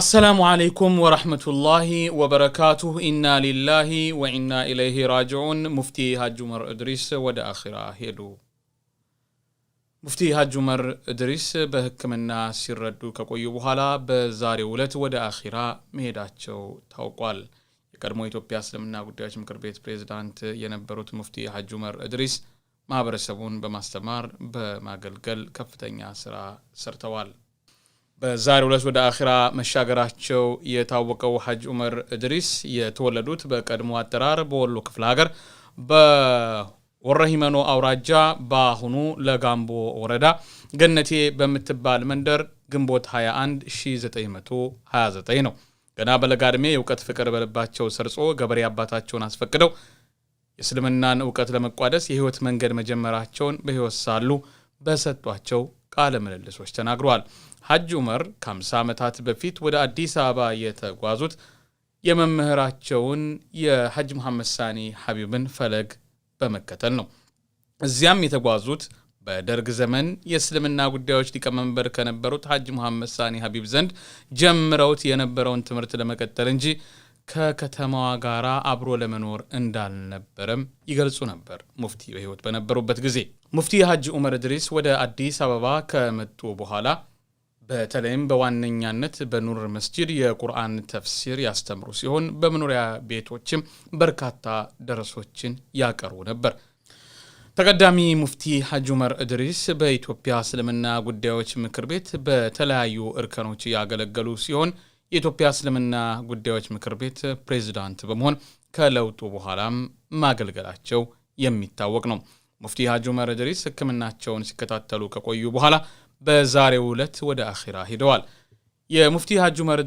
አሰላሙ አለይኩም ወረህመቱላሂ ወበረካቱሁ ኢና ሊላሂ ወኢና ኢለይህ ራጅዑን። ሙፍቲ ሀጅ ዑመር እድሪስ ወደ አኺራ ሄዱ። ሙፍቲ ሀጅ ዑመር እድሪስ በሕክምና ሲረዱ ከቆዩ በኋላ በዛሬው ዕለት ወደ አኺራ መሄዳቸው ታውቋል። የቀድሞ የኢትዮጵያ እስልምና ጉዳዮች ምክር ቤት ፕሬዝዳንት የነበሩት ሙፍቲ ሀጅ ዑመር እድሪስ ማህበረሰቡን በማስተማር በማገልገል ከፍተኛ ስራ ሰርተዋል። በዛሬ ዕለት ወደ አኺራ መሻገራቸው የታወቀው ሐጅ ዑመር እድሪስ የተወለዱት በቀድሞ አጠራር በወሎ ክፍለ ሀገር በወረሂመኖ አውራጃ በአሁኑ ለጋምቦ ወረዳ ገነቴ በምትባል መንደር ግንቦት 21 1929 ነው። ገና በለጋ ዕድሜ የእውቀት ፍቅር በልባቸው ሰርጾ ገበሬ አባታቸውን አስፈቅደው የእስልምናን እውቀት ለመቋደስ የህይወት መንገድ መጀመራቸውን በህይወት ሳሉ በሰጧቸው ቃለ ምልልሶች ተናግረዋል። ሐጅ ዑመር ከ50 ዓመታት በፊት ወደ አዲስ አበባ የተጓዙት የመምህራቸውን የሐጅ መሐመድ ሳኒ ሐቢብን ፈለግ በመከተል ነው። እዚያም የተጓዙት በደርግ ዘመን የእስልምና ጉዳዮች ሊቀመንበር ከነበሩት ሐጅ መሐመድ ሳኒ ሐቢብ ዘንድ ጀምረውት የነበረውን ትምህርት ለመቀጠል እንጂ ከከተማዋ ጋር አብሮ ለመኖር እንዳልነበረም ይገልጹ ነበር። ሙፍቲ በሕይወት በነበሩበት ጊዜ ሙፍቲ ሐጅ ዑመር እድሪስ ወደ አዲስ አበባ ከመጡ በኋላ በተለይም በዋነኛነት በኑር መስጂድ የቁርአን ተፍሲር ያስተምሩ ሲሆን በመኖሪያ ቤቶችም በርካታ ደረሶችን ያቀርቡ ነበር። ተቀዳሚ ሙፍቲ ሐጅ ዑመር እድሪስ በኢትዮጵያ እስልምና ጉዳዮች ምክር ቤት በተለያዩ እርከኖች ያገለገሉ ሲሆን የኢትዮጵያ እስልምና ጉዳዮች ምክር ቤት ፕሬዚዳንት በመሆን ከለውጡ በኋላም ማገልገላቸው የሚታወቅ ነው። ሙፍቲ ሐጅ ዑመር እድሪስ ሕክምናቸውን ሲከታተሉ ከቆዩ በኋላ በዛሬው ዕለት ወደ አኺራ ሄደዋል። የሙፍቲ ሀጅ ዑመር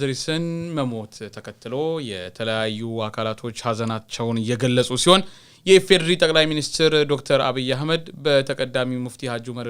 መሞት ተከትሎ የተለያዩ አካላቶች ሀዘናቸውን እየገለጹ ሲሆን የኢፌዴሪ ጠቅላይ ሚኒስትር ዶክተር አብይ አህመድ በተቀዳሚ ሙፍቲ ሀጅ ዑመር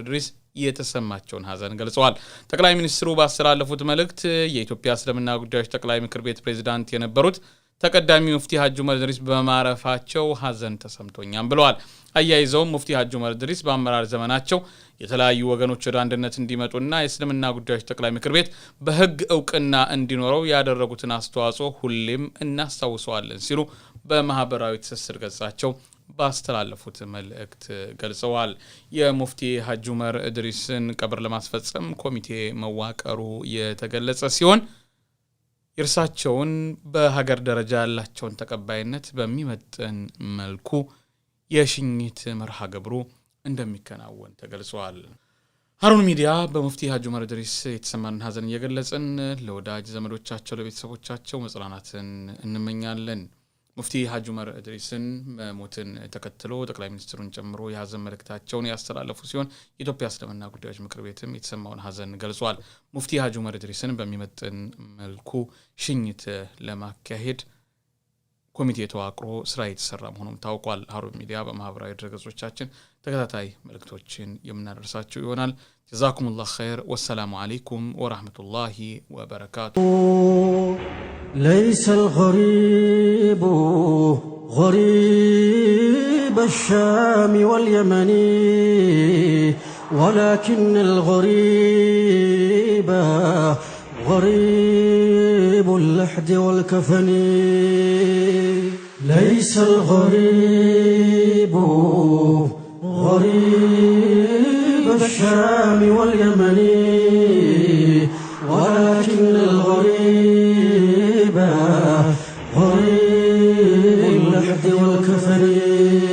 የተሰማቸውን ሀዘን ገልጸዋል። ጠቅላይ ሚኒስትሩ ባስተላለፉት መልእክት የኢትዮጵያ እስልምና ጉዳዮች ጠቅላይ ምክር ቤት ፕሬዚዳንት የነበሩት ተቀዳሚ ሙፍቲ ሀጅ ዑመር ድሪስ በማረፋቸው ሀዘን ተሰምቶኛም ብለዋል። አያይዘውም ሙፍቲ ሀጅ ዑመር ድሪስ በአመራር ዘመናቸው የተለያዩ ወገኖች ወደ አንድነት እንዲመጡና የእስልምና ጉዳዮች ጠቅላይ ምክር ቤት በሕግ እውቅና እንዲኖረው ያደረጉትን አስተዋጽኦ ሁሌም እናስታውሰዋለን ሲሉ በማህበራዊ ትስስር ገጻቸው ባስተላለፉት መልእክት ገልጸዋል። የሙፍቲ ሀጅ ዑመር ድሪስን ቀብር ለማስፈጸም ኮሚቴ መዋቀሩ የተገለጸ ሲሆን የእርሳቸውን በሀገር ደረጃ ያላቸውን ተቀባይነት በሚመጥን መልኩ የሽኝት መርሃ ግብሩ እንደሚከናወን ተገልጿል። ሀሩን ሚዲያ በሙፍቲ ሀጂ ዑመር የተሰማንን ሀዘን እየገለጽን ለወዳጅ ዘመዶቻቸው፣ ለቤተሰቦቻቸው መጽናናትን እንመኛለን። ሙፍቲ ሀጅ ዑመር እድሪስን መሞትን ተከትሎ ጠቅላይ ሚኒስትሩን ጨምሮ የሀዘን መልእክታቸውን ያስተላለፉ ሲሆን የኢትዮጵያ እስልምና ጉዳዮች ምክር ቤትም የተሰማውን ሀዘን ገልጿል። ሙፍቲ ሀጅ ዑመር እድሪስን በሚመጥን መልኩ ሽኝት ለማካሄድ ኮሚቴ ተዋቅሮ ስራ የተሰራ መሆኑም ታውቋል። ሀሩን ሚዲያ በማህበራዊ ድረገጾቻችን ተከታታይ መልእክቶችን የምናደርሳችሁ ይሆናል። ጀዛኩሙላህ ኸይር። ወሰላሙ አለይኩም ወራህመቱላሂ ወበረካቱ። يصيبه غريب الشام واليمن ولكن الغريب غريب اللحد والكفن ليس الغريب غريب الشام واليمن ولكن feriye